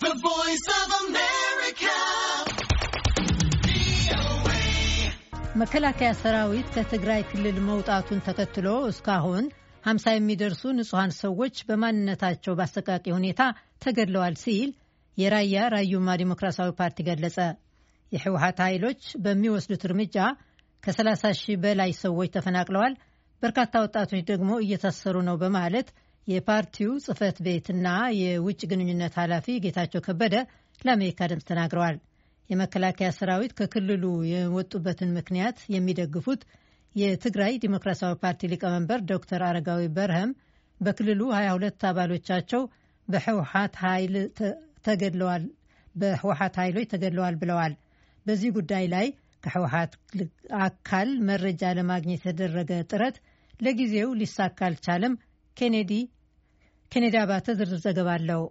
The Voice of America. መከላከያ ሰራዊት ከትግራይ ክልል መውጣቱን ተከትሎ እስካሁን ሀምሳ የሚደርሱ ንጹሐን ሰዎች በማንነታቸው በአሰቃቂ ሁኔታ ተገድለዋል ሲል የራያ ራዩማ ዲሞክራሲያዊ ፓርቲ ገለጸ። የህወሀት ኃይሎች በሚወስዱት እርምጃ ከ30 ሺህ በላይ ሰዎች ተፈናቅለዋል፣ በርካታ ወጣቶች ደግሞ እየታሰሩ ነው በማለት የፓርቲው ጽህፈት ቤትና የውጭ ግንኙነት ኃላፊ ጌታቸው ከበደ ለአሜሪካ ድምፅ ተናግረዋል። የመከላከያ ሰራዊት ከክልሉ የወጡበትን ምክንያት የሚደግፉት የትግራይ ዲሞክራሲያዊ ፓርቲ ሊቀመንበር ዶክተር አረጋዊ በርሀም በክልሉ 22 አባሎቻቸው በህወሓት ኃይሎች ተገድለዋል ብለዋል። በዚህ ጉዳይ ላይ ከህወሓት አካል መረጃ ለማግኘት የተደረገ ጥረት ለጊዜው ሊሳካ አልቻለም። ኬኔዲ ኬኔዲ አባተ ዝርዝር ዘገባ አለው።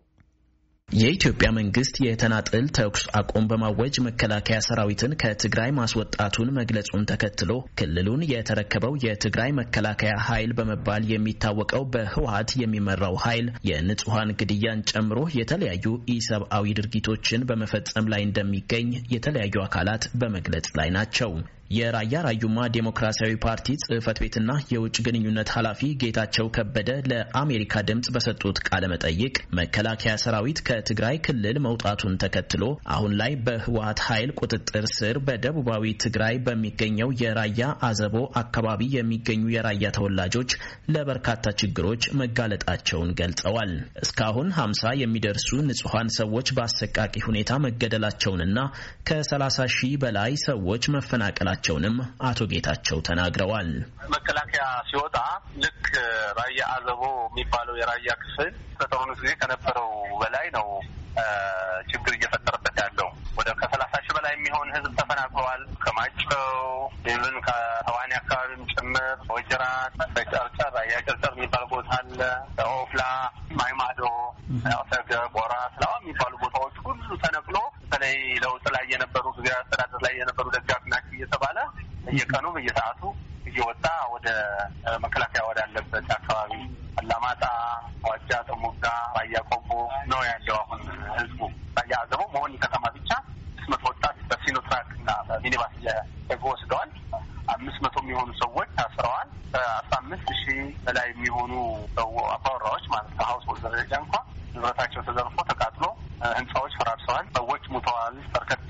የኢትዮጵያ መንግስት የተናጥል ተኩስ አቁም በማወጅ መከላከያ ሰራዊትን ከትግራይ ማስወጣቱን መግለጹን ተከትሎ ክልሉን የተረከበው የትግራይ መከላከያ ኃይል በመባል የሚታወቀው በህወሀት የሚመራው ኃይል የንጹሐን ግድያን ጨምሮ የተለያዩ ኢሰብአዊ ድርጊቶችን በመፈጸም ላይ እንደሚገኝ የተለያዩ አካላት በመግለጽ ላይ ናቸው። የራያ ራዩማ ዴሞክራሲያዊ ፓርቲ ጽህፈት ቤትና የውጭ ግንኙነት ኃላፊ ጌታቸው ከበደ ለአሜሪካ ድምፅ በሰጡት ቃለ መጠይቅ መከላከያ ሰራዊት ከትግራይ ክልል መውጣቱን ተከትሎ አሁን ላይ በህወሀት ኃይል ቁጥጥር ስር በደቡባዊ ትግራይ በሚገኘው የራያ አዘቦ አካባቢ የሚገኙ የራያ ተወላጆች ለበርካታ ችግሮች መጋለጣቸውን ገልጸዋል። እስካሁን ሀምሳ የሚደርሱ ንጹሐን ሰዎች በአሰቃቂ ሁኔታ መገደላቸውንና ከ30 ሺህ በላይ ሰዎች መፈናቀላቸው መሆናቸውንም አቶ ጌታቸው ተናግረዋል። መከላከያ ሲወጣ ልክ ራያ አዘቦ የሚባለው የራያ ክፍል በጦርነቱ ጊዜ ከነበረው በላይ ነው ችግር እየፈጠረበት ያለው ወደ ከሰላሳ ሺህ በላይ የሚሆን ህዝብ ተፈናቅለዋል። ከማይጨው ኢቭን ከተዋኒ አካባቢም ጭምር ወጅራት፣ በጨርጨር ራያ ጨርጨር የሚባል ቦታ አለ። ኦፍላ፣ ማይማዶ፣ ሰገ፣ ቦራ፣ ስላዋ የሚባሉ ቦታዎች ሁሉ ተነቅሎ በተለይ ለውጥ ላይ የነበሩ ጊዜ አስተዳደር ላይ የነበሩ በየቀኑ በየሰዓቱ እየወጣ ወደ መከላከያ ወዳለበት አካባቢ አላማጣ፣ ዋጃ፣ ጥሙጋ፣ ራያ ቆቦ ነው ያለው። አሁን ህዝቡ ራያ አዘቦ መሆን ከተማ ብቻ አምስት መቶ ወጣት በሲኖትራክ እና በሚኒባስ ደግሞ ወስደዋል። አምስት መቶ የሚሆኑ ሰዎች ታስረዋል። በአስራ አምስት ሺህ በላይ የሚሆኑ አባወራዎች ማለት በሀውስሆልድ ደረጃ እንኳ ንብረታቸው ተዘርፎ ተቃጥሎ ህንፃዎች ፈራርሰዋል። ሰዎች ሙተዋል። በርከት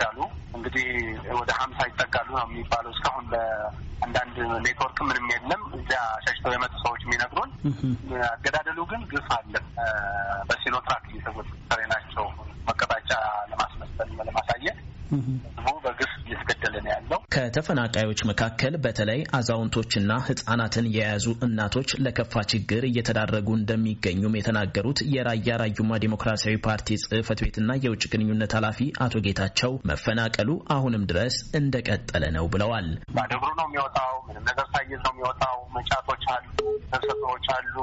እንግዲህ ወደ ሀምሳ ይጠጋሉ ነው የሚባለው። እስካሁን በአንዳንድ ኔትወርክ ምንም የለም። እዚያ ሸሽተው የመጡ ሰዎች የሚነግሩን አገዳደሉ ግን ግፍ አለ በሲኖትራክ እየተወጠረ ናቸው መቀጣጫ ለማስመሰል ለማሳየት ከተፈናቃዮች መካከል በተለይ አዛውንቶችና ህጻናትን የያዙ እናቶች ለከፋ ችግር እየተዳረጉ እንደሚገኙም የተናገሩት የራያ ራዩማ ዴሞክራሲያዊ ፓርቲ ጽህፈት ቤትና የውጭ ግንኙነት ኃላፊ አቶ ጌታቸው መፈናቀሉ አሁንም ድረስ እንደቀጠለ ነው ብለዋል። ባደብሩ ነው የሚወጣው። ምንም ነገር ሳይዝ ነው የሚወጣው። መጫቶች አሉ፣ ሰብሰቦች አሉ፣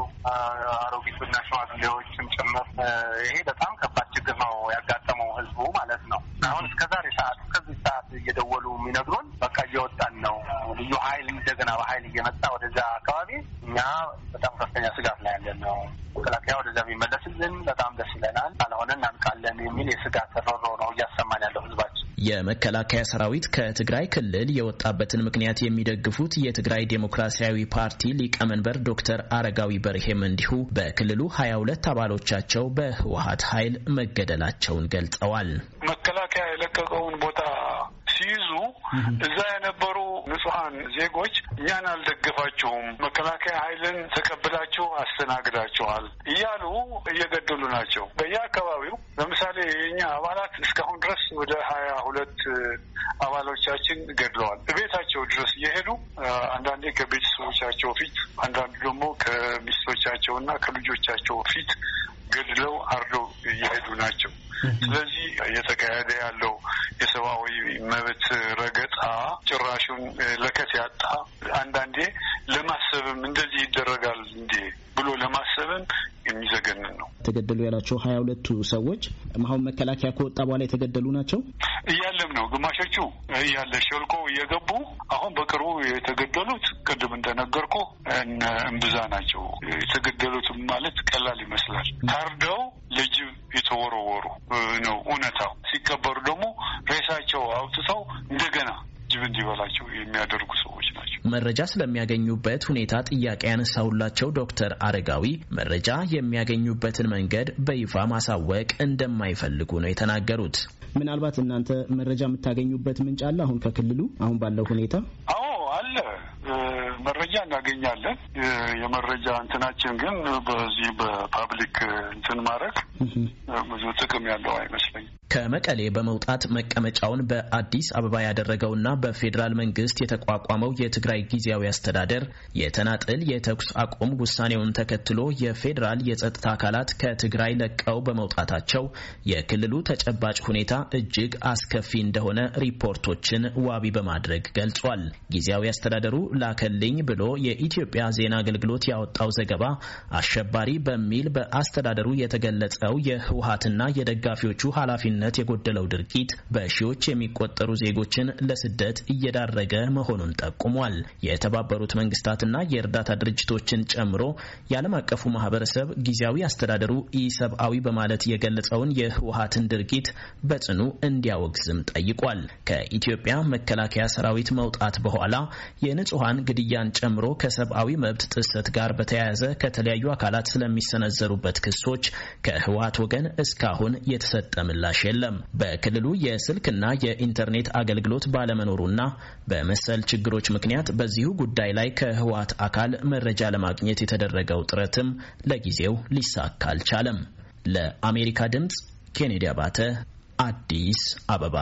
አሮጊቱና ሽማግሌዎችም ጭምር። ይሄ በጣም ከባድ ችግር ነው። ምዕራብ ኃይል እየመጣ ወደዛ አካባቢ እኛ በጣም ከፍተኛ ስጋት ላይ ያለን ነው። መከላከያ ወደዛ የሚመለስልን በጣም ደስ ይለናል፣ አለሆነ እናልቃለን የሚል የስጋት ሮሮ ነው እያሰማን ያለው ህዝባችን። የመከላከያ ሰራዊት ከትግራይ ክልል የወጣበትን ምክንያት የሚደግፉት የትግራይ ዴሞክራሲያዊ ፓርቲ ሊቀመንበር ዶክተር አረጋዊ በርሄም እንዲሁ በክልሉ ሀያ ሁለት አባሎቻቸው በህወሀት ኃይል መገደላቸውን ገልጸዋል። መከላከያ የለቀቀውን ቦታ ሲይዙ እዛ የነበሩ ንጹሐን ዜጎች እኛን አልደግፋችሁም፣ መከላከያ ኃይልን ተቀብላችሁ አስተናግዳችኋል እያሉ እየገደሉ ናቸው። በየአካባቢው ለምሳሌ የኛ አባላት እስካሁን ድረስ ወደ ሀያ ሁለት አባሎቻችን ገድለዋል። ቤታቸው ድረስ እየሄዱ አንዳንዴ ከቤተሰቦቻቸው ፊት፣ አንዳንዱ ደግሞ ከሚስቶቻቸውና ከልጆቻቸው ፊት ገድለው አርደው እየሄዱ ናቸው። ስለዚህ እየተካሄደ ያለው የሰብአዊ መብት ረገጣ ጭራሹን ለከት ያጣ አንዳንዴ ለማሰብም እንደዚህ ይደረጋል እንዴ ብሎ ለማሰብም የሚዘገንን ነው። የተገደሉ ያላቸው ሀያ ሁለቱ ሰዎች አሁን መከላከያ ከወጣ በኋላ የተገደሉ ናቸው እያለም ነው። ግማሾቹ እያለ ሸልቆ እየገቡ አሁን በቅርቡ የተገደሉት ቅድም እንደነገርኩ እምብዛ ናቸው የተገደሉት ማለት ቀላል ይመስላል ታርደ መረጃ ስለሚያገኙበት ሁኔታ ጥያቄ ያነሳሁላቸው ዶክተር አረጋዊ መረጃ የሚያገኙበትን መንገድ በይፋ ማሳወቅ እንደማይፈልጉ ነው የተናገሩት። ምናልባት እናንተ መረጃ የምታገኙበት ምንጭ አለ? አሁን ከክልሉ አሁን ባለው ሁኔታ አዎ አለ መረጃ እናገኛለን። የመረጃ እንትናችን ግን በዚህ በፓብሊክ እንትን ማድረግ ብዙ ጥቅም ያለው አይመስለኝም። ከመቀሌ በመውጣት መቀመጫውን በአዲስ አበባ ያደረገውና በፌዴራል መንግስት የተቋቋመው የትግራይ ጊዜያዊ አስተዳደር የተናጥል የተኩስ አቁም ውሳኔውን ተከትሎ የፌዴራል የጸጥታ አካላት ከትግራይ ለቀው በመውጣታቸው የክልሉ ተጨባጭ ሁኔታ እጅግ አስከፊ እንደሆነ ሪፖርቶችን ዋቢ በማድረግ ገልጿል። ጊዜያዊ አስተዳደሩ ላከልኝ ብሎ የኢትዮጵያ ዜና አገልግሎት ያወጣው ዘገባ አሸባሪ በሚል በአስተዳደሩ የተገለጸው የህወሀትና የደጋፊዎቹ ኃላፊነት ኃላፊነት የጎደለው ድርጊት በሺዎች የሚቆጠሩ ዜጎችን ለስደት እየዳረገ መሆኑን ጠቁሟል። የተባበሩት መንግስታትና የእርዳታ ድርጅቶችን ጨምሮ የዓለም አቀፉ ማህበረሰብ ጊዜያዊ አስተዳደሩ ኢሰብአዊ በማለት የገለጸውን የህወሀትን ድርጊት በጽኑ እንዲያወግዝም ጠይቋል። ከኢትዮጵያ መከላከያ ሰራዊት መውጣት በኋላ የንጹሐን ግድያን ጨምሮ ከሰብአዊ መብት ጥሰት ጋር በተያያዘ ከተለያዩ አካላት ስለሚሰነዘሩበት ክሶች ከህወሀት ወገን እስካሁን የተሰጠ ምላሽ የለም። በክልሉ የስልክና የኢንተርኔት አገልግሎት ባለመኖሩና በመሰል ችግሮች ምክንያት በዚሁ ጉዳይ ላይ ከህወሓት አካል መረጃ ለማግኘት የተደረገው ጥረትም ለጊዜው ሊሳካ አልቻለም። ለአሜሪካ ድምፅ ኬኔዲ አባተ አዲስ አበባ